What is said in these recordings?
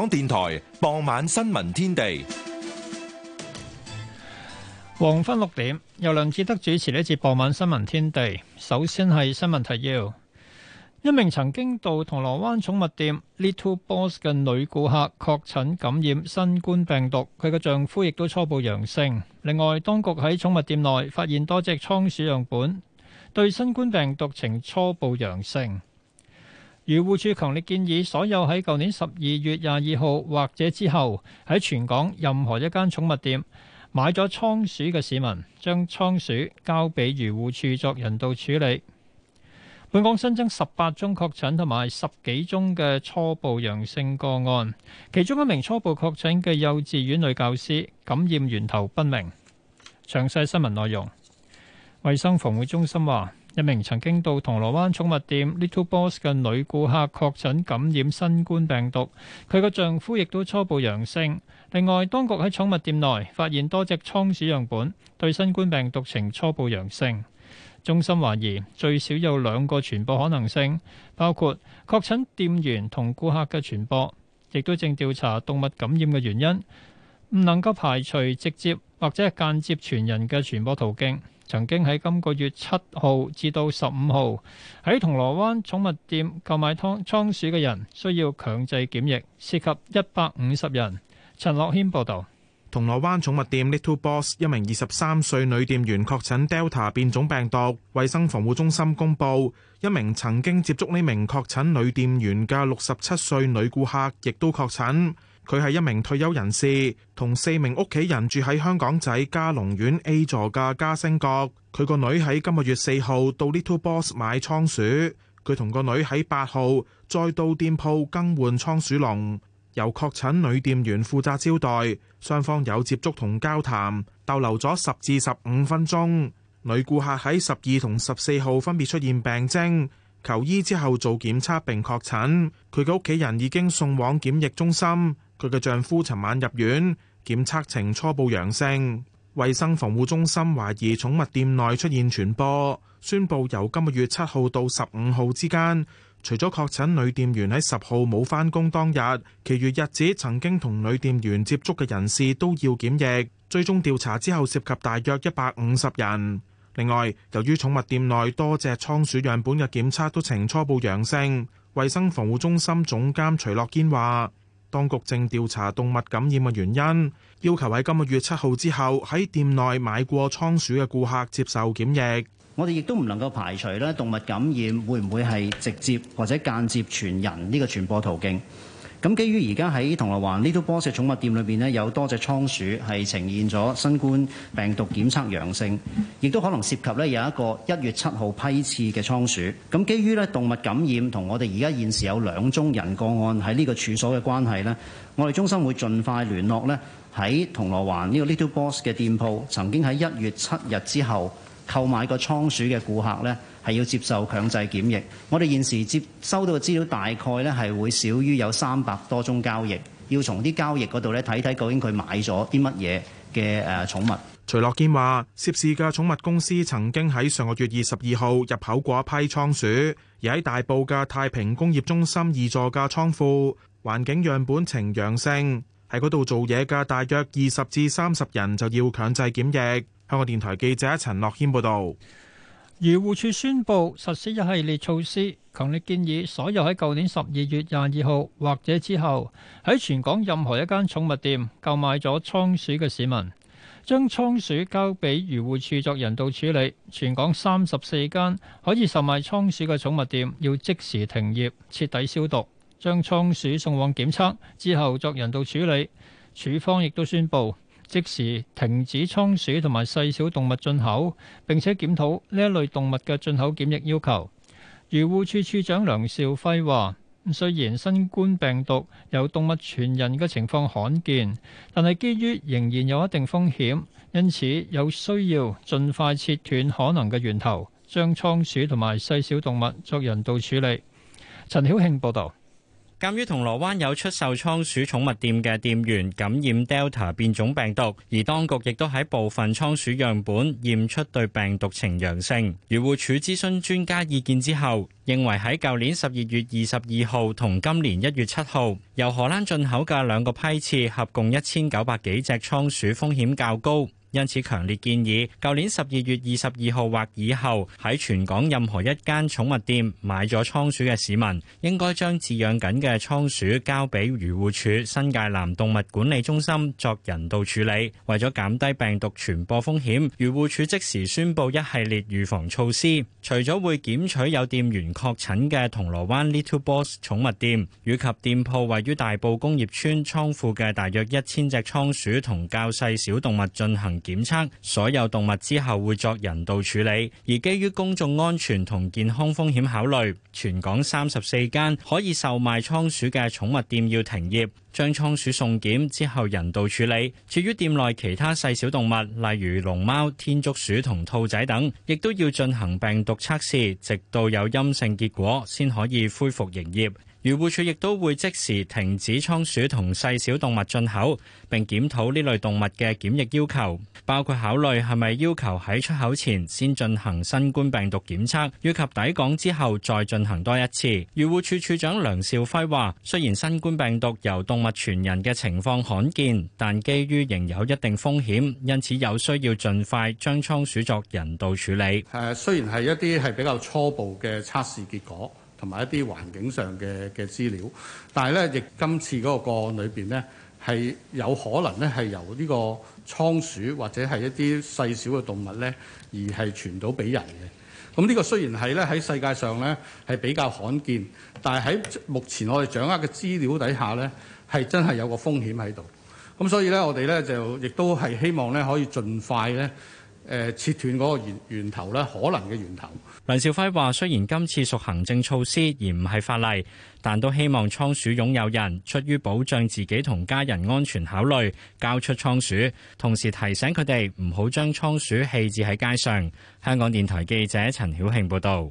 香港電台傍晚新聞天地，黃昏六點由梁志德主持呢節傍晚新聞天地。首先係新聞提要：一名曾經到銅鑼灣寵物店 Little Boss 嘅女顧客確診感染新冠病毒，佢嘅丈夫亦都初步陽性。另外，當局喺寵物店內發現多隻倉鼠樣本，對新冠病毒呈初步陽性。漁護署強烈建議所有喺舊年十二月廿二號或者之後喺全港任何一間寵物店買咗倉鼠嘅市民，將倉鼠交俾漁護署作人道處理。本港新增十八宗確診同埋十幾宗嘅初步陽性個案，其中一名初步確診嘅幼稚園女教師感染源頭不明。詳細新聞內容，衛生防護中心話。一名曾經到銅鑼灣寵物店 Little Boss 嘅女顧客確診感染新冠病毒，佢嘅丈夫亦都初步陽性。另外，當局喺寵物店內發現多隻倉鼠樣本對新冠病毒呈初步陽性，中心懷疑最少有兩個傳播可能性，包括確診店員同顧客嘅傳播，亦都正調查動物感染嘅原因，唔能夠排除直接或者間接傳人嘅傳播途徑。曾經喺今個月七號至到十五號喺銅鑼灣寵物店購買倉鼠嘅人需要強制檢疫，涉及一百五十人。陳樂軒報導。銅鑼灣寵物店 Little Boss 一名二十三歲女店員確診 Delta 變種病毒，衛生防護中心公佈，一名曾經接觸呢名確診女店員嘅六十七歲女顧客亦都確診。佢係一名退休人士，同四名屋企人住喺香港仔嘉隆苑 A 座嘅嘉星閣。佢個女喺今個月四號到 Little Boss 買倉鼠，佢同個女喺八號再到店鋪更換倉鼠籠，由確診女店員負責招待，雙方有接觸同交談，逗留咗十至十五分鐘。女顧客喺十二同十四號分別出現病徵。求醫之後做檢測並確診，佢嘅屋企人已經送往檢疫中心。佢嘅丈夫尋晚入院，檢測呈初步陽性。衛生防護中心懷疑寵物店內出現傳播，宣布由今個月七號到十五號之間，除咗確診女店員喺十號冇返工當日，其餘日子曾經同女店員接觸嘅人士都要檢疫。追蹤調查之後涉及大約一百五十人。另外，由於寵物店內多隻倉鼠樣本嘅檢測都呈初步陽性，衞生防護中心總監徐樂堅話，當局正調查動物感染嘅原因，要求喺今個月七號之後喺店內買過倉鼠嘅顧客接受檢疫。我哋亦都唔能夠排除咧動物感染會唔會係直接或者間接傳人呢個傳播途徑。咁基於而家喺銅鑼灣 Little Boss 嘅寵物店裏邊呢，有多隻倉鼠係呈現咗新冠病毒檢測陽性，亦都可能涉及呢有一個一月七號批次嘅倉鼠。咁基於呢動物感染同我哋而家現時有兩宗人個案喺呢個處所嘅關係呢，我哋中心會盡快聯絡呢喺銅鑼灣呢個 Little Boss 嘅店鋪，曾經喺一月七日之後，購買個倉鼠嘅顧客呢，係要接受強制檢疫。我哋現時接收到嘅資料，大概呢，係會少於有三百多宗交易。要從啲交易嗰度呢，睇睇，究竟佢買咗啲乜嘢嘅誒寵物？徐樂堅話：涉事嘅寵物公司曾經喺上個月二十二號入口過一批倉鼠，而喺大埔嘅太平工業中心二座嘅倉庫，環境樣本呈陽性。喺嗰度做嘢嘅大約二十至三十人就要強制檢疫。香港電台記者陳樂謙報道，漁護署宣布實施一系列措施，強烈建議所有喺舊年十二月廿二號或者之後喺全港任何一間寵物店購買咗倉鼠嘅市民，將倉鼠交俾漁護署作人道處理。全港三十四間可以售賣倉鼠嘅寵物店要即時停業，徹底消毒，將倉鼠送往檢測之後作人道處理。署方亦都宣布，即時停止倉鼠同埋細小動物進口，並且檢討呢一類動物嘅進口檢疫要求。漁護處處長梁兆輝話，雖然新冠病毒由動物傳人嘅情況罕見，但係基於仍然有一定風險，因此有需要盡快切斷可能嘅源頭，將倉鼠同埋細小動物作人道處理。陳曉慶報導。鑒於銅鑼灣有出售倉鼠寵物店嘅店員感染 Delta 變種病毒，而當局亦都喺部分倉鼠樣本驗出對病毒呈陽性。漁護署諮詢專家意見之後，認為喺舊年十二月二十二號同今年一月七號由荷蘭進口嘅兩個批次合共一千九百幾隻倉鼠風險較高。因此，強烈建議，舊年十二月二十二號或以後喺全港任何一間寵物店買咗倉鼠嘅市民，應該將飼養緊嘅倉鼠交俾漁護署新界南動物管理中心作人道處理。為咗減低病毒傳播風險，漁護署即時宣布一系列預防措施，除咗會檢取有店員確診嘅銅鑼灣 Little Boss 寵物店以及店鋪位於大埔工業村倉庫嘅大約一千隻倉鼠同較細小、小動物進行。檢測所有動物之後會作人道處理，而基於公眾安全同健康風險考慮，全港三十四間可以售賣倉鼠嘅寵物店要停業，將倉鼠送檢之後人道處理。至於店內其他細小動物，例如龍貓、天竺鼠同兔仔等，亦都要進行病毒測試，直到有陰性結果先可以恢復營業。漁護署亦都會即時停止倉鼠同細小動物進口，並檢討呢類動物嘅檢疫要求，包括考慮係咪要求喺出口前先進行新冠病毒檢測，以及抵港之後再進行多一次。漁護署署長梁肇輝話：雖然新冠病毒由動物傳人嘅情況罕見，但基於仍有一定風險，因此有需要盡快將倉鼠作人道處理。誒，雖然係一啲係比較初步嘅測試結果。同埋一啲環境上嘅嘅資料，但係咧，亦今次嗰個個案裏邊呢，係有可能咧係由呢個倉鼠或者係一啲細小嘅動物咧而係傳到俾人嘅。咁呢個雖然係咧喺世界上咧係比較罕見，但係喺目前我哋掌握嘅資料底下咧係真係有個風險喺度。咁所以咧，我哋咧就亦都係希望咧可以盡快咧誒、呃、切斷嗰個源源頭咧可能嘅源頭。梁肇輝話：雖然今次屬行政措施而唔係法例，但都希望倉鼠擁有人出於保障自己同家人安全考慮交出倉鼠，同時提醒佢哋唔好將倉鼠棄置喺街上。香港電台記者陳曉慶報道。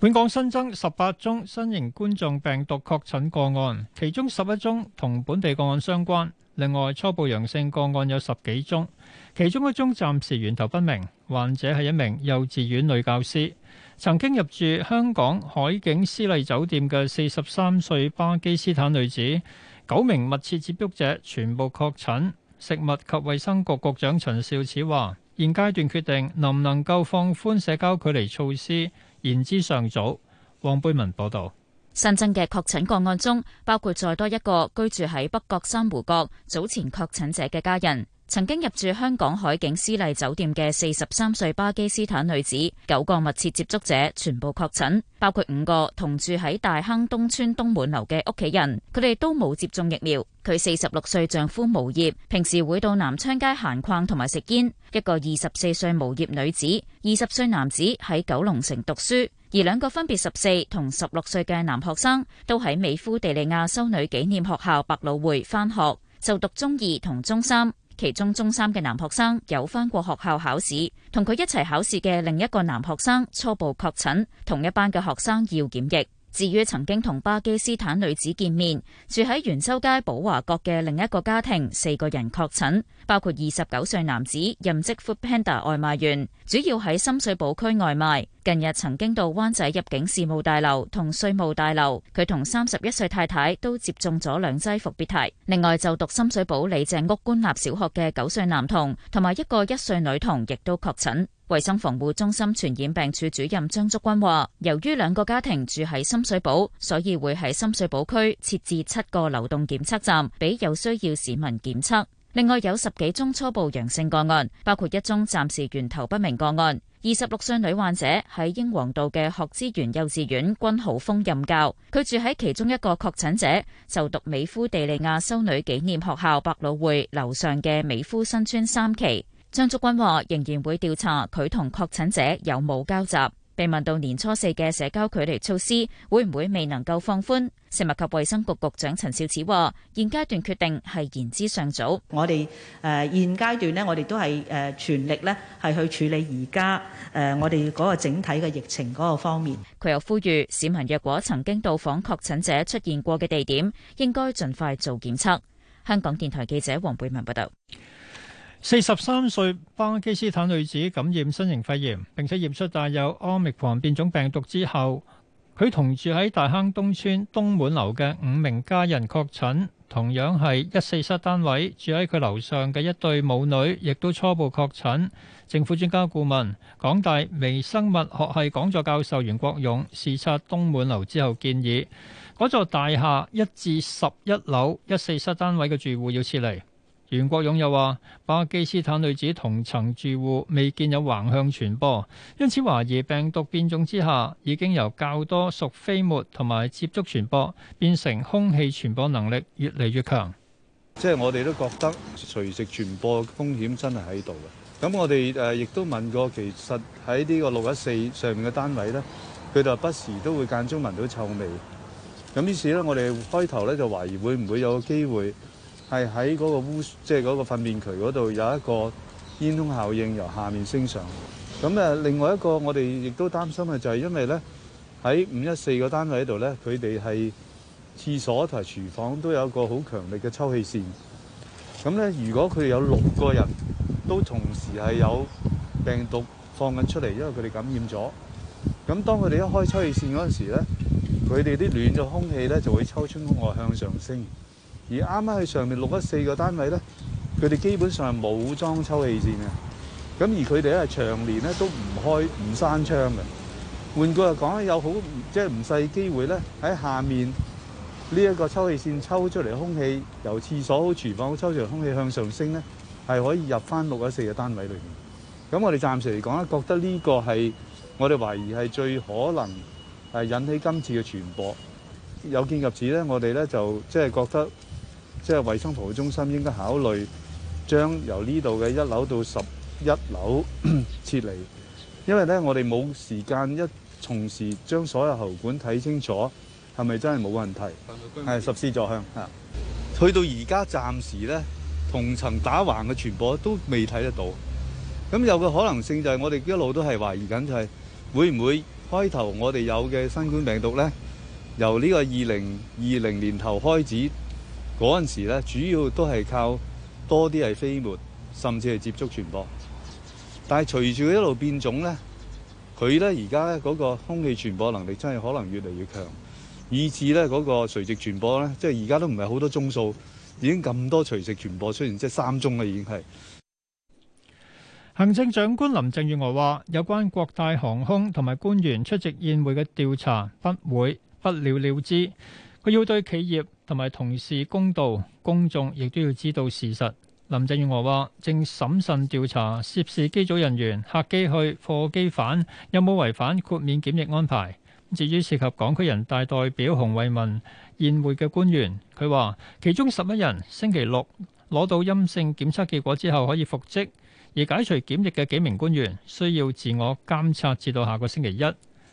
本港新增十八宗新型冠狀病毒確診個案，其中十一宗同本地個案相關。另外，初步陽性個案有十幾宗，其中一宗暫時源頭不明，患者係一名幼稚園女教師，曾經入住香港海景絲麗酒店嘅四十三歲巴基斯坦女子，九名密切接觸者全部確診，食物及衛生局局長陳肇始，始話現階段決定能唔能夠放寬社交距離措施，言之尚早。黃貝文報道。新增嘅確診個案中，包括再多一個居住喺北角珊瑚閣早前確診者嘅家人，曾經入住香港海景絲麗酒店嘅四十三歲巴基斯坦女子，九個密切接觸者全部確診，包括五個同住喺大坑東村東滿樓嘅屋企人，佢哋都冇接種疫苗。佢四十六歲丈夫無業，平時會到南昌街閒逛同埋食煙。一個二十四歲無業女子，二十歲男子喺九龍城讀書。而兩個分別十四同十六歲嘅男學生，都喺美孚地利亞修女紀念學校百老匯返學，就讀中二同中三。其中中三嘅男學生有返過學校考試，同佢一齊考試嘅另一個男學生初步確診，同一班嘅學生要檢疫。至於曾經同巴基斯坦女子見面、住喺元州街寶華閣嘅另一個家庭，四個人確診，包括二十九歲男子，任職 Food Panda 外賣員，主要喺深水埗區外賣。近日曾經到灣仔入境事務大樓同稅務大樓。佢同三十一歲太太都接種咗兩劑復必泰。另外，就讀深水埗李鄭屋官立小學嘅九歲男童同埋一個一歲女童，亦都確診。衛生防護中心傳染病處主任張竹君話，由於兩個家庭住喺深水埗，所以會喺深水埗區設置七個流動檢測站，俾有需要市民檢測。另外有十幾宗初步陽性個案，包括一宗暫時源頭不明個案。二十六歲女患者喺英皇道嘅學知園幼稚園君豪峰任教，佢住喺其中一個確診者就讀美孚地利亞修女紀念學校百老匯樓上嘅美孚新村三期。張竹君話：仍然會調查佢同確診者有冇交集。被問到年初四嘅社交距離措施會唔會未能夠放寬，食物及衛生局局長陳肇始話：現階段決定係言之尚早。我哋誒、呃、現階段呢，我哋都係誒、呃、全力呢係去處理而家誒我哋嗰個整體嘅疫情嗰個方面。佢又呼籲市民，若果曾經到訪確診者出現過嘅地點，應該盡快做檢測。香港電台記者黃貝文報道。四十三歲巴基斯坦女子感染新型肺炎，並且驗出帶有奧密克戎變種病毒之後，佢同住喺大坑東村東滿樓嘅五名家人確診，同樣係一四室單位住喺佢樓上嘅一對母女亦都初步確診。政府專家顧問、港大微生物學系講座教授袁國勇視察東滿樓之後建議，嗰座大廈一至十一樓一四室單位嘅住戶要撤離。袁國勇又話：巴基斯坦女子同層住戶未見有橫向傳播，因此懷疑病毒變種之下已經由較多屬飛沫同埋接觸傳播，變成空氣傳播能力越嚟越強。即係我哋都覺得垂直傳播風險真係喺度嘅。咁我哋誒亦都問過，其實喺呢個六一四上面嘅單位呢佢就不時都會間中聞到臭味。咁於是呢，我哋開頭咧就懷疑會唔會有機會？係喺嗰個污，即係嗰個糞便渠嗰度有一個煙囪效應，由下面升上。咁誒，另外一個我哋亦都擔心嘅就係因為咧，喺五一四個單位喺度咧，佢哋係廁所同埋廚房都有一個好強力嘅抽氣扇。咁咧，如果佢哋有六個人都同時係有病毒放緊出嚟，因為佢哋感染咗。咁當佢哋一開抽氣扇嗰陣時咧，佢哋啲暖咗空氣咧就會抽出空外向上升。而啱啱喺上面六一四個單位咧，佢哋基本上係冇裝抽氣扇嘅。咁而佢哋咧係長年咧都唔開唔閂窗嘅。換句話講咧，有好即係唔細機會咧，喺下面呢一個抽氣扇抽出嚟空氣，由廁所、廚房抽出嚟空氣向上升咧，係可以入翻六一四嘅單位裏面。咁我哋暫時嚟講咧，覺得呢個係我哋懷疑係最可能係引起今次嘅傳播。有見及此咧，我哋咧就即係覺得。即係衞生服務中心應該考慮將由呢度嘅一樓到十一樓撤離，因為咧我哋冇時間一從時將所有喉管睇清楚，係咪真係冇問題？係十四座向啊，去到而家暫時咧同層打橫嘅傳播都未睇得到，咁有個可能性就係我哋一路都係懷疑緊，就係會唔會開頭我哋有嘅新冠病毒咧，由呢個二零二零年頭開始。嗰陣時咧，主要都係靠多啲係飛沫，甚至係接觸傳播。但係隨住佢一路變種咧，佢咧而家咧嗰個空氣傳播能力真係可能越嚟越強，以至咧嗰個垂直傳播咧，即係而家都唔係好多宗數，已經咁多垂直傳播出現，即係三宗啦，已經係。行政長官林鄭月娥話：有關國泰航空同埋官員出席宴會嘅調查不會不了了之，佢要對企業，同埋，同事公道，公眾亦都要知道事實。林鄭月娥話：正審慎調查涉事機組人員，客機去，貨機返，有冇違反豁免檢疫安排。至於涉及港區人大代表洪為民宴會嘅官員，佢話：其中十一人星期六攞到陰性檢測結果之後可以復職，而解除檢疫嘅幾名官員需要自我監察至到下個星期一。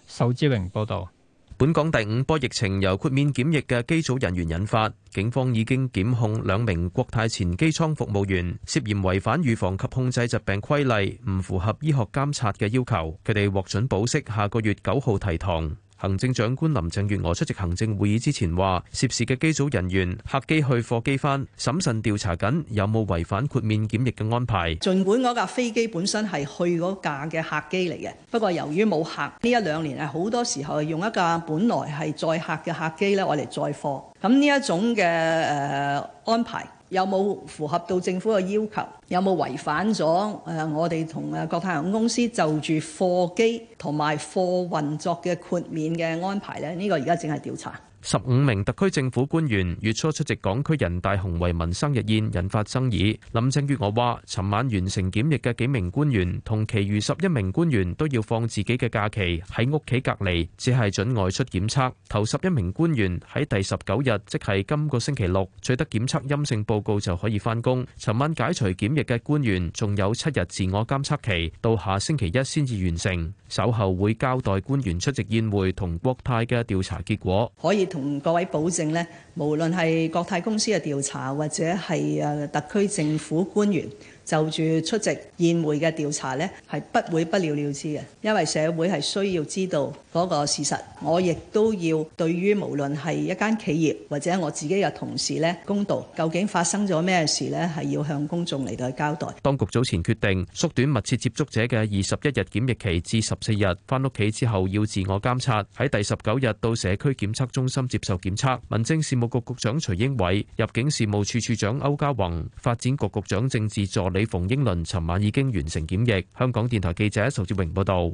仇志榮報導。本港第五波疫情由豁免檢疫嘅機組人員引發，警方已經檢控兩名國泰前機艙服務員涉嫌違反預防及控制疾病規例，唔符合醫學監察嘅要求。佢哋獲准保釋，下個月九號提堂。行政長官林鄭月娥出席行政會議之前話，涉事嘅機組人員，客機去貨機返，審慎調查緊有冇違反豁免檢疫嘅安排。盡管嗰架飛機本身係去嗰架嘅客機嚟嘅，不過由於冇客，呢一兩年係好多時候用一架本來係載客嘅客機咧，我嚟載貨。咁呢一種嘅誒、呃、安排。有冇符合到政府嘅要求？有冇違反咗？誒，我哋同誒國泰航空公司就住貨機同埋貨運作嘅豁免嘅安排咧？呢、這個而家正係調查。十五名特區政府官員月初出席港區人大洪為民生日宴，引發爭議。林鄭月娥話，尋晚完成檢疫嘅幾名官員同其餘十一名官員都要放自己嘅假期喺屋企隔離，只係准外出檢測。頭十一名官員喺第十九日，即係今個星期六取得檢測陰性報告就可以翻工。尋晚解除檢疫嘅官員仲有七日自我監測期，到下星期一先至完成。稍後會交代官員出席宴會同國泰嘅調查結果，可以同各位保證咧，無論係國泰公司嘅調查或者係呃特區政府官員，就住出席宴會嘅調查咧，係不會不了了之嘅，因為社會係需要知道嗰個事實，我亦都要對於無論係一間企業或者我自己嘅同事咧，公道究竟發生咗咩事咧，係要向公眾嚟到交代。當局早前決定縮短密切接觸者嘅二十一日檢疫期至十四日，翻屋企之後要自我監察，喺第十九日到社區檢測中心接受檢測。民政事務局局長徐英偉、入境事務處處長歐家宏、發展局局長政治助理。李逢英倫，尋晚已經完成檢疫。香港電台記者仇志榮報道。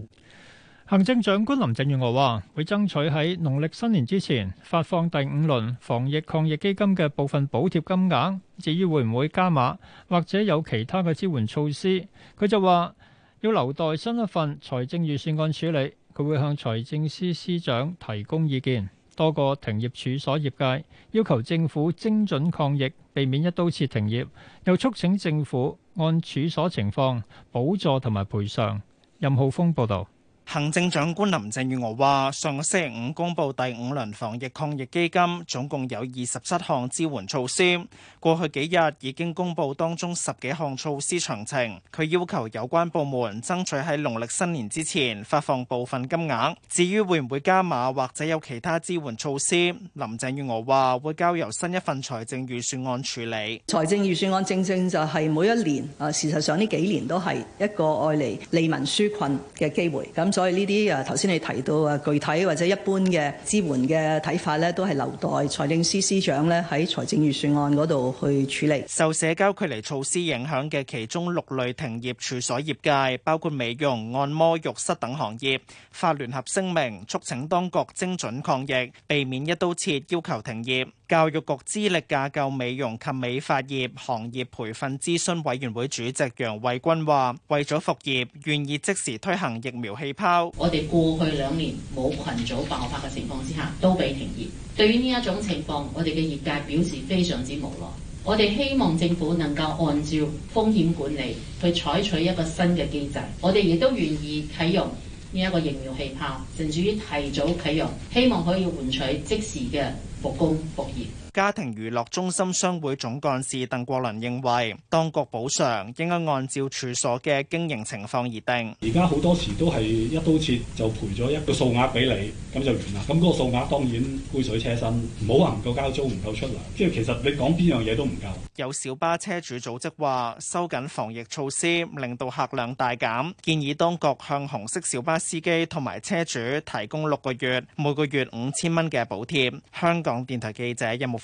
行政長官林鄭月娥話：會爭取喺農曆新年之前發放第五輪防疫抗疫基金嘅部分補貼金額。至於會唔會加碼，或者有其他嘅支援措施，佢就話要留待新一份財政預算案處理。佢會向財政司司長提供意見。多個停業處所業界要求政府精準抗疫，避免一刀切停業，又促請政府。按處所情況，補助同埋賠償。任浩峰報導。行政長官林鄭月娥話：上個星期五公布第五輪防疫抗疫基金，總共有二十七項支援措施。過去幾日已經公布當中十幾項措施詳情。佢要求有關部門爭取喺農曆新年之前發放部分金額。至於會唔會加碼或者有其他支援措施，林鄭月娥話會交由新一份財政預算案處理。財政預算案正正就係每一年啊，事實上呢幾年都係一個愛嚟利民紓困嘅機會。咁所以呢啲啊頭先你提到啊，具體或者一般嘅支援嘅睇法咧都係留待財政司司長咧喺財政預算案嗰度去處理。受社交距離措施影響嘅其中六類停業處所業界，包括美容、按摩、浴室等行業，發聯合聲明促請當局精準抗疫，避免一刀切要求停業。教育局資歷架構美容及美髮業行業培訓諮詢委員會主席楊偉君話：為咗復業，願意即時推行疫苗氣泡。我哋過去兩年冇群組爆發嘅情況之下，都被停業。對於呢一種情況，我哋嘅業界表示非常之無奈。我哋希望政府能夠按照風險管理去採取一個新嘅機制。我哋亦都願意啟用呢一個疫苗氣泡，甚至於提早啟用，希望可以換取即時嘅。復工復業。家庭娛樂中心商會總幹事鄧國倫認為當局補償應該按照處所嘅經營情況而定。而家好多時都係一刀切，就賠咗一個數額俾你，咁就完啦。咁個數額當然杯水車薪，唔好話唔夠交租，唔夠出糧，即係其實你講邊樣嘢都唔夠，有小巴車主組織話收緊防疫措施令到客量大減，建議當局向紅色小巴司機同埋車主提供六個月每個月五千蚊嘅補貼，香港電台記者任木。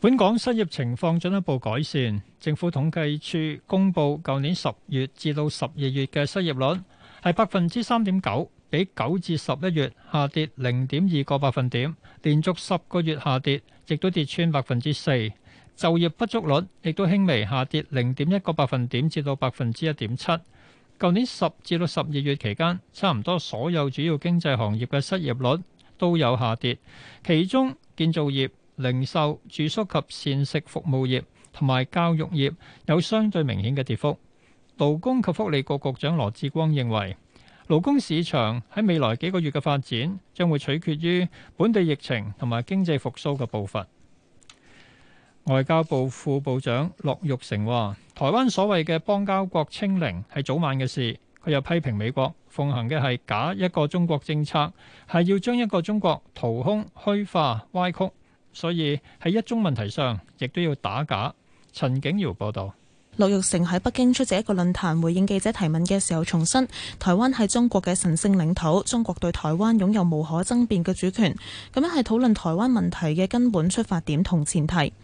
本港失業情況進一步改善。政府統計處公布，舊年十月至到十二月嘅失業率係百分之三點九，比九至十一月下跌零點二個百分點，連續十個月下跌，亦都跌穿百分之四。就業不足率亦都輕微下跌零點一個百分點，至到百分之一點七。舊年十至到十二月期間，差唔多所有主要經濟行業嘅失業率都有下跌，其中，建造業、零售、住宿及膳食服務業同埋教育業有相對明顯嘅跌幅。勞工及福利局局長羅志光認為，勞工市場喺未來幾個月嘅發展將會取決於本地疫情同埋經濟復蘇嘅步伐。外交部副部長樂玉成話，台灣所謂嘅邦交國清零係早晚嘅事。佢又批評美國奉行嘅係假一個中國政策，係要將一個中國掏空、虛化、歪曲，所以喺一中問題上亦都要打假。陳景堯報導。陸玉成喺北京出席一個論壇，回應記者提問嘅時候，重申台灣係中國嘅神聖領土，中國對台灣擁有無可爭辯嘅主權。咁樣係討論台灣問題嘅根本出發點同前提。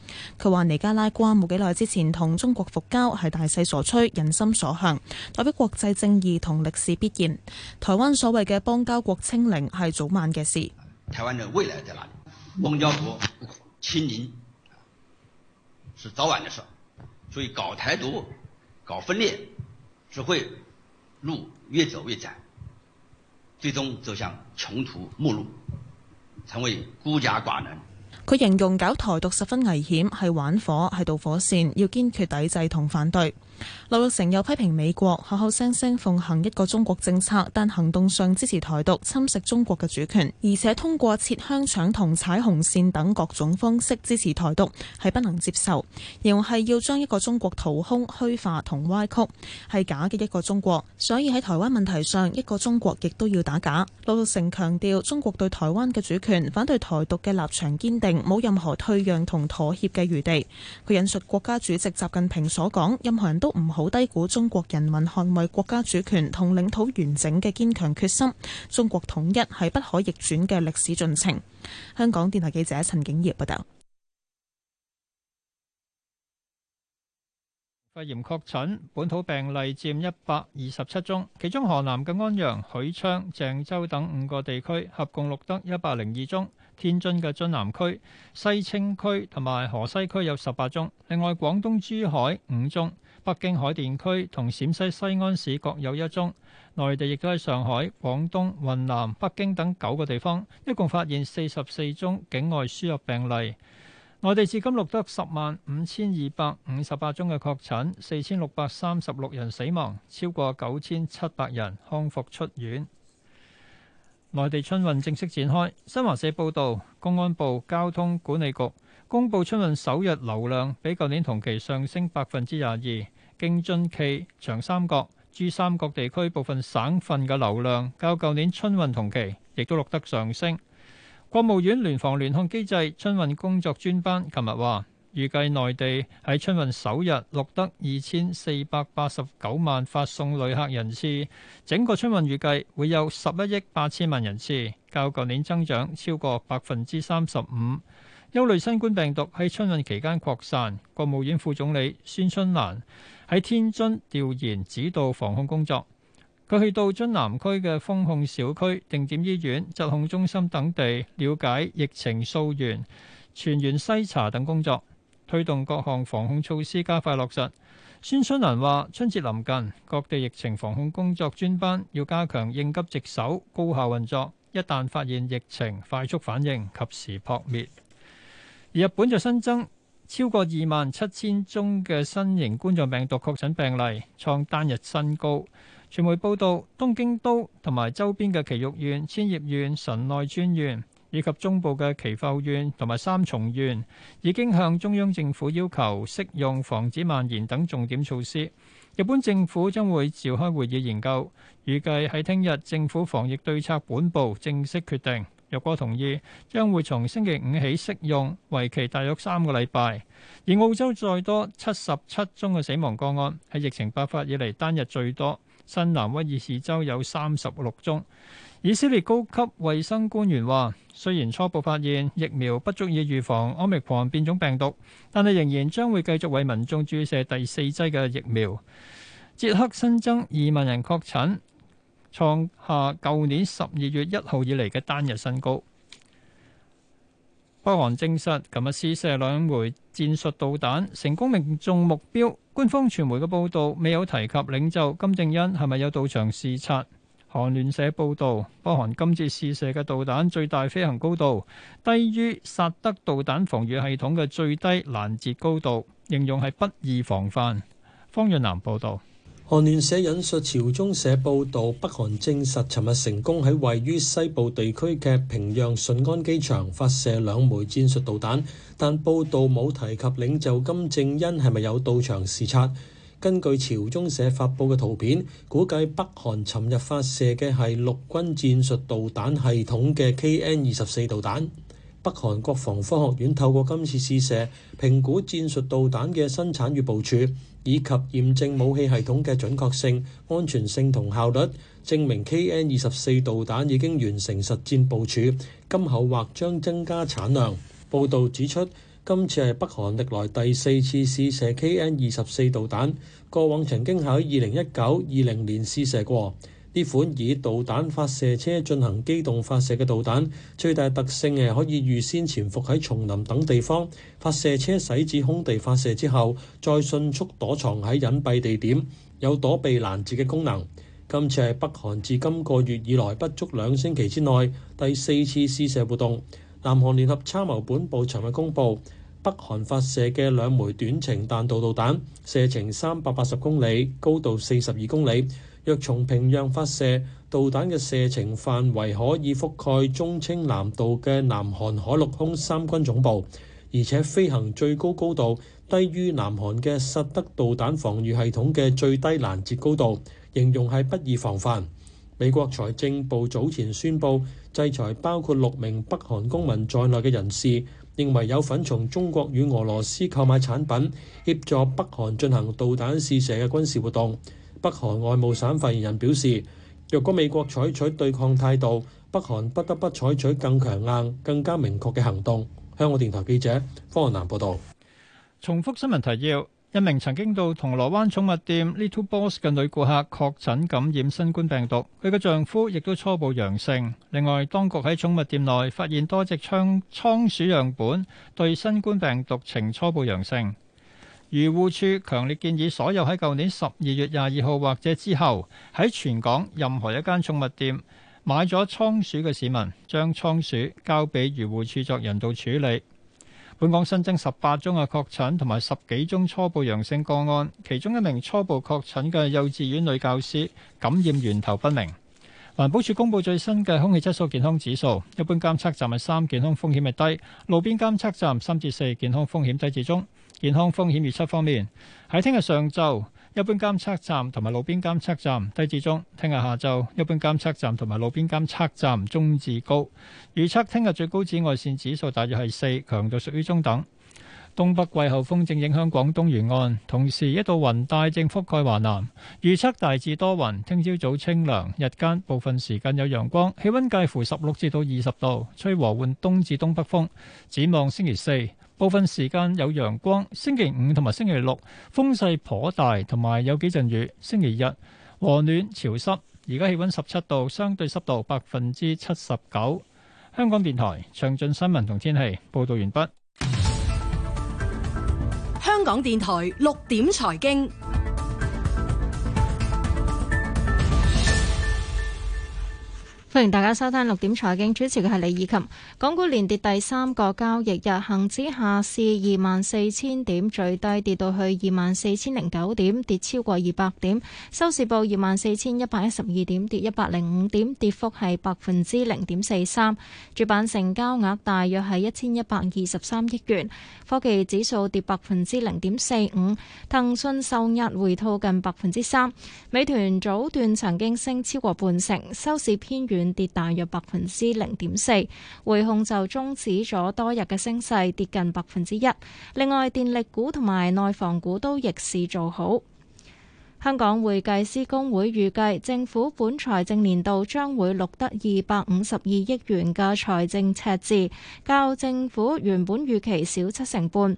佢話尼加拉瓜冇幾耐之前同中國復交，係大勢所趨，人心所向，代表國際正義同歷史必然。台灣所謂嘅邦交國清零係早晚嘅事。台灣嘅未來在哪裡，邦交國清零是早晚嘅事。所以搞台獨、搞分裂，只會路越走越窄，最終走向窮途末路，成為孤家寡人。佢形容搞台獨十分危險，係玩火，係導火線，要堅決抵制同反對。劉六成又批評美國，口口聲聲奉行一個中國政策，但行動上支持台獨、侵蝕中國嘅主權，而且通過切香腸同踩紅線等各種方式支持台獨，係不能接受。形容係要將一個中國掏空、虛化同歪曲，係假嘅一個中國。所以喺台灣問題上，一個中國亦都要打假。劉六成強調，中國對台灣嘅主權、反對台獨嘅立場堅定，冇任何退讓同妥協嘅餘地。佢引述國家主席習近平所講：「任何人都。都唔好低估中國人民捍衛國家主權同領土完整嘅堅強決心。中國統一係不可逆轉嘅歷史進程。香港電台記者陳景業報道。肺炎確診本土病例占一百二十七宗，其中河南嘅安陽、許昌、鄭州等五個地區合共錄得一百零二宗；天津嘅津南區、西青區同埋河西區有十八宗，另外廣東珠海五宗。北京海淀區同陝西西安市各有一宗，內地亦都喺上海、廣東、雲南、北京等九個地方，一共發現四十四宗境外輸入病例。內地至今錄得十萬五千二百五十八宗嘅確診，四千六百三十六人死亡，超過九千七百人康復出院。內地春運正式展開，新華社報道，公安部交通管理局公布春運首日流量比舊年同期上升百分之廿二。京津冀、長三角、珠三角地區部分省份嘅流量，較舊年春運同期，亦都錄得上升。國務院聯防聯控機制春運工作專班琴日話，預計內地喺春運首日錄得二千四百八十九萬發送旅客人次，整個春運預計會有十一億八千萬人次，較舊年增長超過百分之三十五。憂慮新冠病毒喺春運期間擴散，國務院副總理孫春蘭喺天津調研指導防控工作，佢去到津南區嘅封控小區、定點醫院、疾控中心等地，了解疫情溯源、全員篩查等工作，推動各項防控措施加快落實。孫春蘭話：春節臨近，各地疫情防控工作專班要加強應急值守、高效運作，一旦發現疫情，快速反應，及時撲滅。而日本就新增。超過二萬七千宗嘅新型冠狀病毒確診病例，創單日新高。傳媒報道，東京都同埋周邊嘅埼玉縣、千葉縣、神奈川縣以及中部嘅岐阜縣同埋三重縣已經向中央政府要求適用防止蔓延等重點措施。日本政府將會召開會議研究，預計喺聽日政府防疫對策本部正式決定。若果同意，將會從星期五起適用，為期大約三個禮拜。而澳洲再多七十七宗嘅死亡個案，喺疫情爆發以嚟單日最多。新南威爾士州有三十六宗。以色列高級衛生官員話：雖然初步發現疫苗不足以預防奧密克戎變種病毒，但係仍然將會繼續為民眾注射第四劑嘅疫苗。捷克新增二萬人確診，創下舊年十二月一號以嚟嘅單日新高。北韓證實，琴日試射兩枚戰術導彈，成功命中目標。官方傳媒嘅報道未有提及領袖金正恩係咪有到場視察。韓聯社報道，北韓今次試射嘅導彈最大飛行高度低於薩德導彈防禦系統嘅最低攔截高度，形容係不易防範。方潤南報道。韓聯社引述朝中社報導，北韓證實尋日成功喺位於西部地區嘅平壤順安機場發射兩枚戰術導彈，但報導冇提及領袖金正恩係咪有到場視察。根據朝中社發布嘅圖片，估計北韓尋日發射嘅係陸軍戰術導彈系統嘅 KN 二十四導彈。北韓國防科學院透過今次試射，評估戰術導彈嘅生產與部署。以及驗證武器系統嘅準確性、安全性同效率，證明 KN 二十四導彈已經完成實戰部署，今後或將增加產量。報導指出，今次係北韓歷來第四次試射 KN 二十四導彈，過往曾經喺二零一九、二零年試射過。呢款以導彈發射車進行機動發射嘅導彈，最大特性係可以預先潛伏喺叢林等地方，發射車駛至空地發射之後，再迅速躲藏喺隱蔽地點，有躲避攔截嘅功能。今次係北韓自今個月以來不足兩星期之內第四次試射活動。南韓聯合參謀本部尋日公佈，北韓發射嘅兩枚短程彈道導彈，射程三百八十公里，高度四十二公里。若從平壤發射導彈嘅射程範圍，可以覆蓋忠清南道嘅南韓海陸空三軍總部，而且飛行最高高度低於南韓嘅薩德導彈防禦系統嘅最低攔截高度，形容係不易防範。美國財政部早前宣布制裁包括六名北韓公民在內嘅人士，認為有份從中國與俄羅斯購買產品，協助北韓進行導彈試射嘅軍事活動。北韓外務省發言人表示，若果美國採取對抗態度，北韓不得不採取更強硬、更加明確嘅行動。香港電台記者方雲南報道。重複新聞提要：一名曾經到銅鑼灣寵物店 Little Boss 嘅女顧客確診感染新冠病毒，佢嘅丈夫亦都初步陽性。另外，當局喺寵物店內發現多隻倉倉鼠樣本對新冠病毒呈初步陽性。漁護署強烈建議所有喺舊年十二月廿二號或者之後喺全港任何一間寵物店買咗倉鼠嘅市民，將倉鼠交俾漁護署作人道處理。本港新增十八宗嘅確診同埋十幾宗初步陽性個案，其中一名初步確診嘅幼稚園女教師感染源頭不明。環保署公佈最新嘅空氣質素健康指數，一般監測站係三，健康風險係低；路邊監測站三至四，健康風險低至中。健康風險預測方面，喺聽日上晝一般監測站同埋路邊監測站低至中；聽日下晝一般監測站同埋路邊監測站中至高。預測聽日最高紫外線指數大約係四，強度屬於中等。東北季候風正影響廣東沿岸，同時一道雲帶正覆蓋華南。預測大致多雲，聽朝早清涼，日間部分時間有陽光，氣温介乎十六至到二十度，吹和緩東至東北風。展望星期四。部分時間有陽光，星期五同埋星期六風勢頗大，同埋有，有幾陣雨。星期日和暖潮濕，而家氣温十七度，相對濕度百分之七十九。香港電台詳盡新聞同天氣報導完畢。香港電台六點財經。歡迎大家收聽六點財經，主持嘅係李以琴。港股連跌第三個交易日，恒指下試二萬四千點，最低跌到去二萬四千零九點，跌超過二百點。收市報二萬四千一百一十二點，跌一百零五點，跌幅係百分之零點四三。主板成交額大約係一千一百二十三億元。科技指數跌百分之零點四五，騰訊受壓回吐近百分之三。美團早段曾經升超過半成，收市偏軟。跌大約百分之零點四，匯控就終止咗多日嘅升勢，跌近百分之一。另外，電力股同埋內房股都逆市做好。香港會計師公會預計政府本財政年度將會錄得二百五十二億元嘅財政赤字，較政府原本預期少七成半。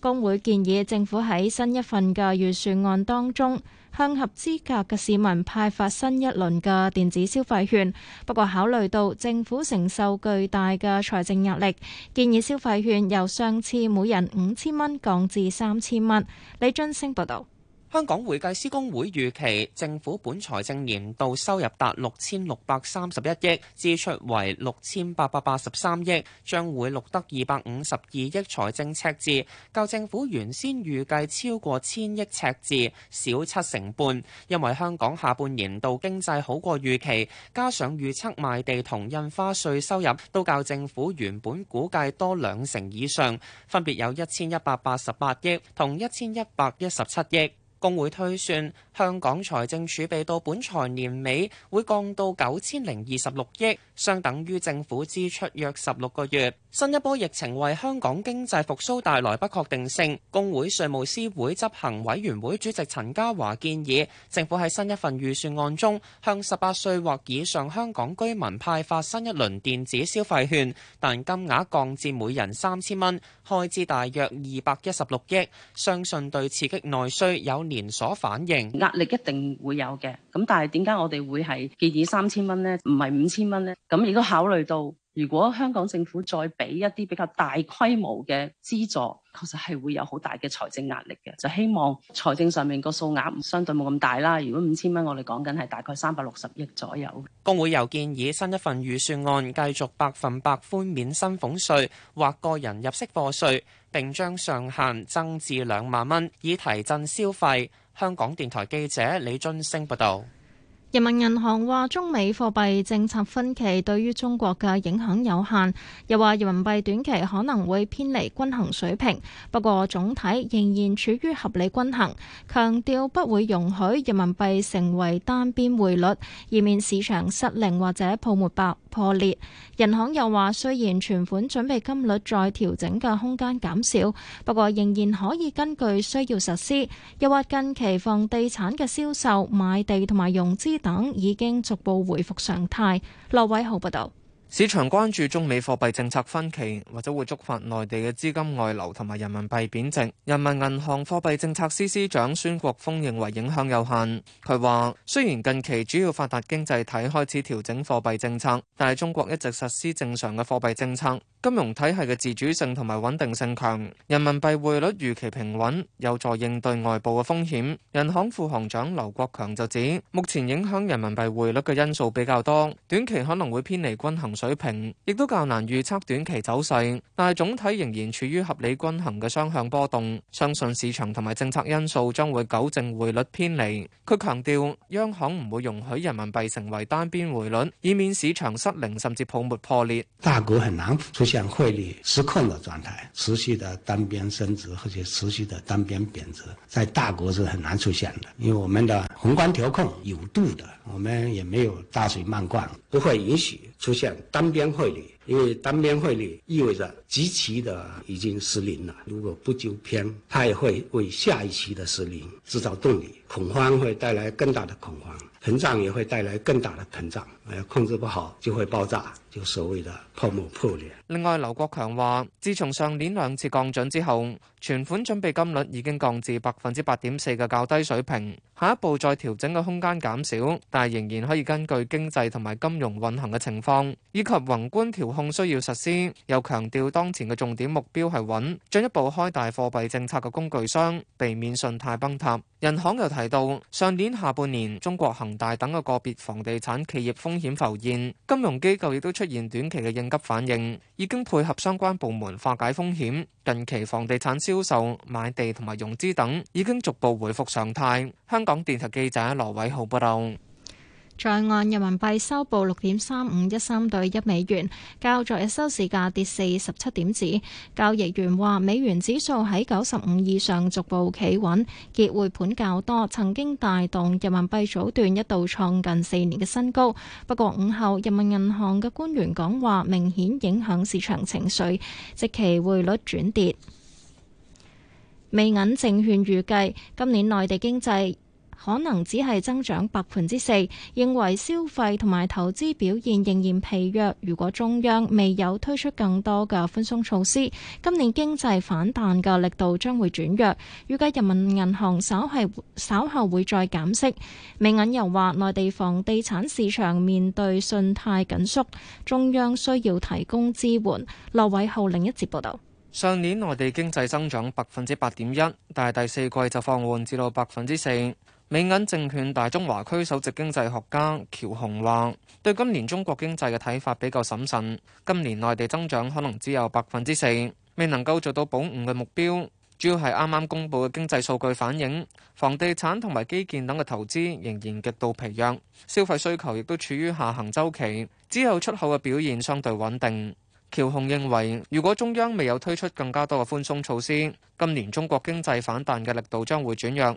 公會建議政府喺新一份嘅預算案當中，，向合資格嘅市民派發新一輪嘅電子消費券，不過考慮到政府承受巨大嘅財政壓力，建議消費券由上次每人五千蚊降至三千蚊。李俊升報道。香港會計師公會預期政府本財政年度收入達六千六百三十一億，支出為六千八百八十三億，將會錄得二百五十二億財政赤字，較政府原先預計超過千億赤字少七成半。因為香港下半年度經濟好過預期，加上預測賣地同印花稅收入都較政府原本估計多兩成以上，分別有一千一百八十八億同一千一百一十七億。工會推算，香港財政儲備到本財年尾會降到九千零二十六億，相等於政府支出約十六個月。新一波疫情為香港經濟復甦帶來不確定性。工會稅務師會執行委員會主席陳家華建議政府喺新一份預算案中，向十八歲或以上香港居民派發新一輪電子消費券，但金額降至每人三千蚊，開支大約二百一十六億，相信對刺激內需有連鎖反應，壓力一定會有嘅。咁但係點解我哋會，係建議三千蚊呢，唔係五千蚊呢，咁亦都考慮到。如果香港政府再俾一啲比較大規模嘅資助，確實係會有好大嘅財政壓力嘅。就希望財政上面個數額相對冇咁大啦。如果五千蚊，我哋講緊係大概三百六十億左右。工會又建議新一份預算案繼續百分百寬免薪俸稅或個人入息課稅，並將上限增至兩萬蚊，以提振消費。香港電台記者李俊升報道。人民銀行話中美貨幣政策分歧對於中國嘅影響有限，又話人民幣短期可能會偏離均衡水平，不過總體仍然處於合理均衡。強調不會容許人民幣成為單邊匯率，以免市場失靈或者泡沫爆破裂。人行又話，雖然存款準備金率再調整嘅空間減少，不過仍然可以根據需要實施。又或近期房地產嘅銷售、買地同埋融資等已經逐步回復常態。羅偉豪報道。市場關注中美貨幣政策分歧，或者會觸發內地嘅資金外流同埋人民幣貶值。人民銀行貨幣政策司司長孫國峰認為影響有限。佢話，雖然近期主要發達經濟體開始調整貨幣政策，但係中國一直實施正常嘅貨幣政策。金融體系嘅自主性同埋穩定性強，人民幣匯率預期平穩有助應對外部嘅風險。人行副行長劉國強就指，目前影響人民幣匯率嘅因素比較多，短期可能會偏離均衡水平，亦都較難預測短期走勢，但係總體仍然處於合理均衡嘅雙向波動，相信市場同埋政策因素將會糾正匯率偏離。佢強調央行唔會容許人民幣成為單邊匯率，以免市場失靈甚至泡沫破裂。大股係硬。像匯率失控的狀態，持續的單邊升值或者，持續的單邊貶值，在大國是很難出現的，因為我們的宏觀調控有度的，我們也沒有大水漫灌，不會允許出現單邊匯率。因為單邊匯率意味着極其的已經失靈了，如果不糾偏，它也會為下一期的失靈製造動力，恐慌會帶來更大的恐慌，膨脹也會帶來更大的膨脹，誒，控制不好就會爆炸，就所謂的泡沫破裂。另外，劉國強話，自從上年兩次降準之後，存款準備金率已經降至百分之八點四嘅較低水平，下一步再調整嘅空間減少，但係仍然可以根據經濟同埋金融運行嘅情況以及宏觀調。控需要實施，又強調當前嘅重點目標，係穩，進一步開大貨幣政策嘅工具箱，避免信貸崩塌。人行又提到，上年下半年中國恒大等嘅個別房地產企業風險浮現，金融機構亦都出現短期嘅應急反應，已經配合相關部門化解風險，近期房地產銷售、買地同埋融資等已經逐步回復常態。香港電台記者羅偉浩報道。在岸人民幣收報六點三五一三對一美元，較昨日收市價跌四十七點子。交易員話：美元指數喺九十五以上逐步企穩，結匯盤較多，曾經帶動人民幣早段一度創近四年嘅新高。不過午後，人民銀行嘅官員講話明顯影響市場情緒，即期匯率轉跌。美銀證券預計今年內地經濟。可能只係增長百分之四，認為消費同埋投資表現仍然疲弱。如果中央未有推出更多嘅寬鬆措施，今年經濟反彈嘅力度將會轉弱。預計人民銀行稍係稍後會再減息。美銀又話，內地房地產市場面對信貸緊縮，中央需要提供支援。羅偉浩另一節報道，上年內地經濟增長百分之八點一，但係第四季就放緩至到百分之四。美銀證券大中華區首席經濟學家喬雄話：對今年中國經濟嘅睇法比較審慎，今年內地增長可能只有百分之四，未能夠做到保五嘅目標。主要係啱啱公布嘅經濟數據反映，房地產同埋基建等嘅投資仍然極度疲弱，消費需求亦都處於下行週期。之後出口嘅表現相對穩定。喬雄認為，如果中央未有推出更加多嘅寬鬆措施，今年中國經濟反彈嘅力度將會轉弱。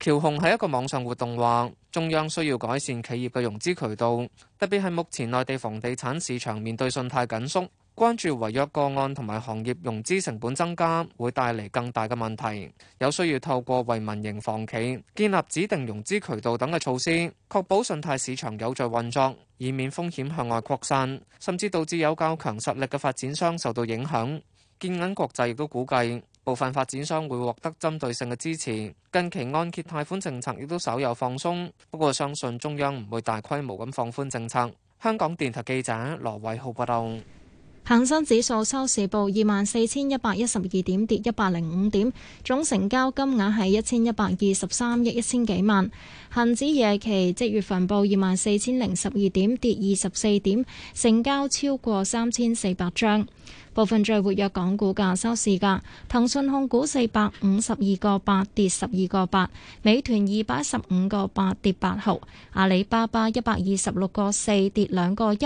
橋雄喺一個網上活動話，中央需要改善企業嘅融資渠道，特別係目前內地房地產市場面對信貸緊縮，關注違約個案同埋行業融資成本增加會帶嚟更大嘅問題。有需要透過為民營房企建立指定融資渠道等嘅措施，確保信貸市場有序運作，以免風險向外擴散，甚至導致有較強實力嘅發展商受到影響。建銀國際亦都估計。部分發展商會獲得針對性嘅支持，近期按揭貸款政策亦都稍有放鬆，不過相信中央唔會大規模咁放寬政策。香港電台記者羅偉浩報道。恒生指數收市報二萬四千一百一十二點，跌一百零五點，總成交金額係一千一百二十三億一千幾萬。恒指夜期即月份報二萬四千零十二點，跌二十四點，成交超過三千四百張。部分最活躍港股價收市價，騰訊控股四百五十二個八跌十二個八，美團二百一十五個八跌八毫，阿里巴巴一百二十六個四跌兩個一，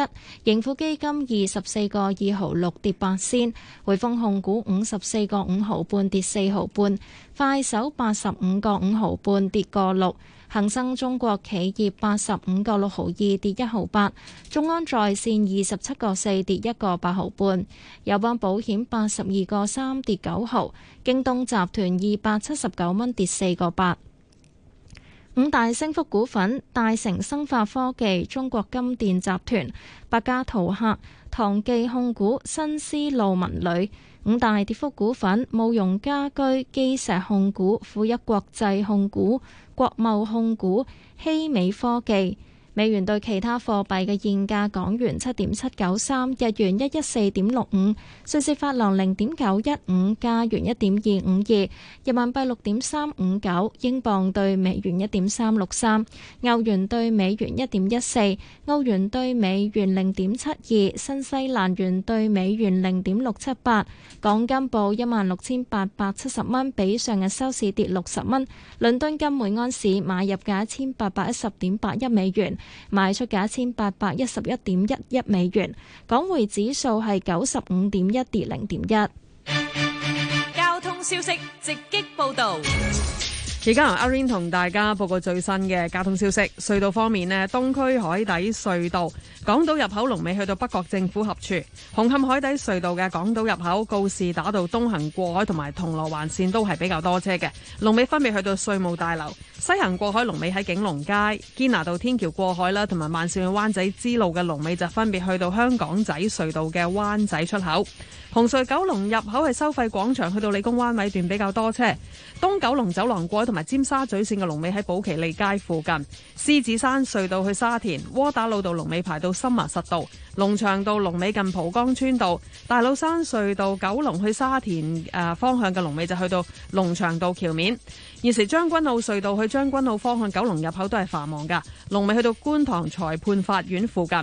盈富基金二十四個二毫六跌八仙，匯豐控股五十四個五毫半跌四毫半，快手八十五個五毫半跌個六。恒生中國企業八十五個六毫二跌一毫八，中安在綫二十七個四跌一個八毫半，友邦保險八十二個三跌九毫，京東集團二百七十九蚊跌四個八，五大升幅股份：大成生化科技、中國金電集團、百家圖客。唐記控股、新絲路文旅。五大跌幅股份，慕容家居、基石控股、富一國際控股、國貿控股、希美科技。美元兌其他貨幣嘅現價：港元七點七九三，日元一一四點六五，瑞士法郎零點九一五，加元一點二五二，人民幣六點三五九，英鎊對美元一點三六三，歐元對美元一點一四，歐元對美元零點七二，新西蘭元對美元零點六七八。港金報一萬六千八百七十蚊，比上日收市跌六十蚊。倫敦金每安士買入價一千八百一十點八一美元。賣出價一千八百一十一點一一美元，港匯指數係九十五點一，跌零點一。交通消息直擊報道。而家由阿 Rain 同大家報告最新嘅交通消息。隧道方面咧，東區海底隧道港島入口龍尾去到北角政府合署；紅磡海底隧道嘅港島入口告士打道東行過海同埋銅鑼灣綫都係比較多車嘅。龍尾分別去到稅務大樓；西行過海龍尾喺景隆街堅拿道天橋過海啦，同埋慢綫去灣仔支路嘅龍尾就分別去到香港仔隧道嘅灣仔出口。紅隧九龍入口係收費廣場，去到理工灣尾段比較多車。東九龍走廊過海同埋尖沙咀綫嘅龍尾喺寶其利街附近。獅子山隧道去沙田窩打老道龍尾排到森麻實道。龍翔道龍尾近蒲崗村道。大老山隧道九龍去沙田誒方向嘅龍尾就去到龍翔道橋面。現時將軍澳隧道去將軍澳方向，九龍入口都係繁忙噶，龍尾去到觀塘裁判法院附近。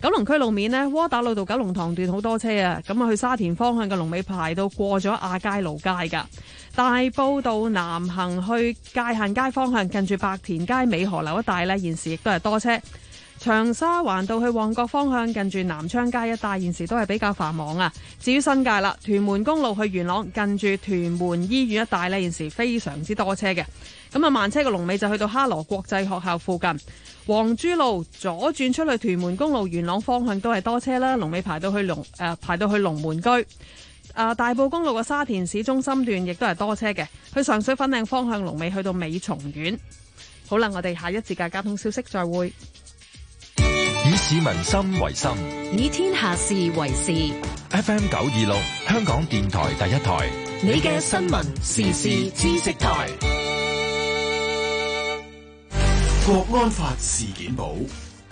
九龍區路面呢，窩打老道，九龍塘段好多車啊，咁啊去沙田方向嘅龍尾排到過咗亞皆老街噶。大埔道南行去界限街方向，近住白田街尾河流一帶呢，現時亦都係多車。長沙環道去旺角方向，近住南昌街一帶，現時都係比較繁忙啊。至於新界啦，屯門公路去元朗，近住屯門醫院一帶呢，現時非常之多車嘅。咁啊，慢車嘅龍尾就去到哈羅國際學校附近，黃珠路左轉出去屯門公路元朗方向都係多車啦，龍尾排到去龍誒、呃，排到去龍門居、呃、大埔公路嘅沙田市中心段亦都係多車嘅，去上水粉嶺方向龍尾去到美松苑。好啦，我哋下一節嘅交通消息再會。以市民心為心，以天下事為事。FM 九二六，香港電台第一台，你嘅新聞時事知識台，國安法事件簿，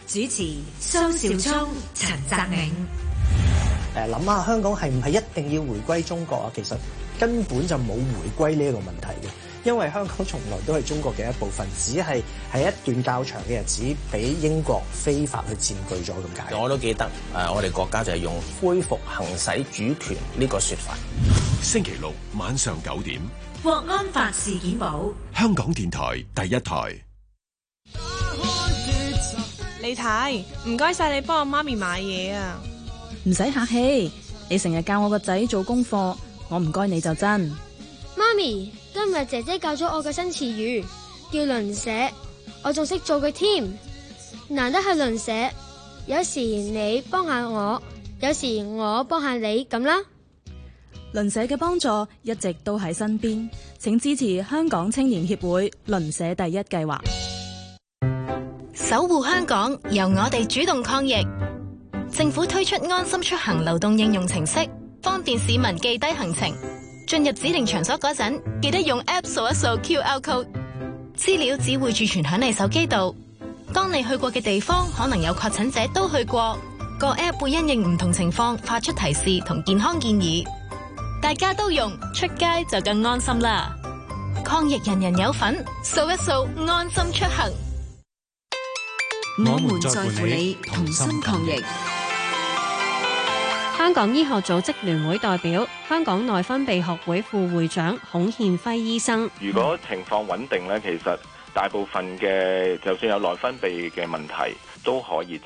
主持蘇紹聰、陳澤明。誒，諗下香港係唔係一定要回歸中國啊？其實根本就冇回歸呢一個問題嘅。因為香港從來都係中國嘅一部分，只係喺一段較長嘅日子俾英國非法去佔據咗，咁解？我都記得，誒、呃，我哋國家就係用恢復行使主權呢、這個說法。星期六晚上九點，「國安法事件簿」，香港電台第一台。李太，唔該晒你幫我媽咪買嘢啊。唔使客氣。你成日教我個仔做功課，我唔該你就真。媽咪。今日姐姐教咗我嘅新詞語，叫「鄰舍」。我仲識做佢添。難得係「鄰舍」，有時你幫下我，有時我幫下你咁啦。「鄰舍」嘅幫助一直都喺身邊，請支持香港青年協會鄰舍第一計劃，守護香港，由我哋主動抗疫。政府推出安心出行流動應用程式，方便市民記低行程。進入指定場所嗰陣，記得用 App 掃一掃 QR code，資料只會儲存響你手機度。當你去過嘅地方可能有確診者都去過，個 App 會因應唔同情況發出提示同健康建議。大家都用，出街就更安心啦！抗疫人人有份，掃一掃安心出行。我們在乎你，同心抗疫。同香港醫學組織聯會代表、香港內分泌學會副會長孔憲輝醫生：如果情況穩定咧，其實大部分嘅就算有內分泌嘅問題，都可以。